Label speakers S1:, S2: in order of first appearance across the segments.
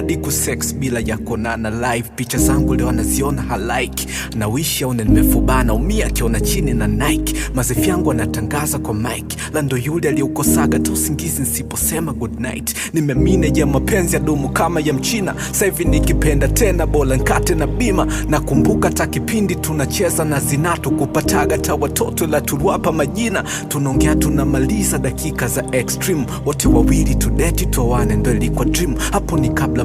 S1: hadi sex bila ya kuonana live. Picha zangu leo anaziona halike na wishi aone nimefubana, umia akiona chini na Nike. Mazefi yangu anatangaza kwa mic, lando yule aliyeukosaga tu usingizi nisiposema good night. Nimemine ya mapenzi ya dumu kama ya Mchina, sasa hivi nikipenda tena bola nkate na bima. Nakumbuka ta kipindi tunacheza na zinatu kupataga ta watoto la turuapa majina, tunaongea tunamaliza dakika za extreme, wote wawili tudeti tuwane, ndo ilikuwa dream hapo ni kabla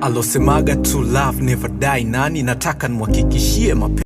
S2: alosemaga to love never die, nani nataka nimhakikishie mapenzi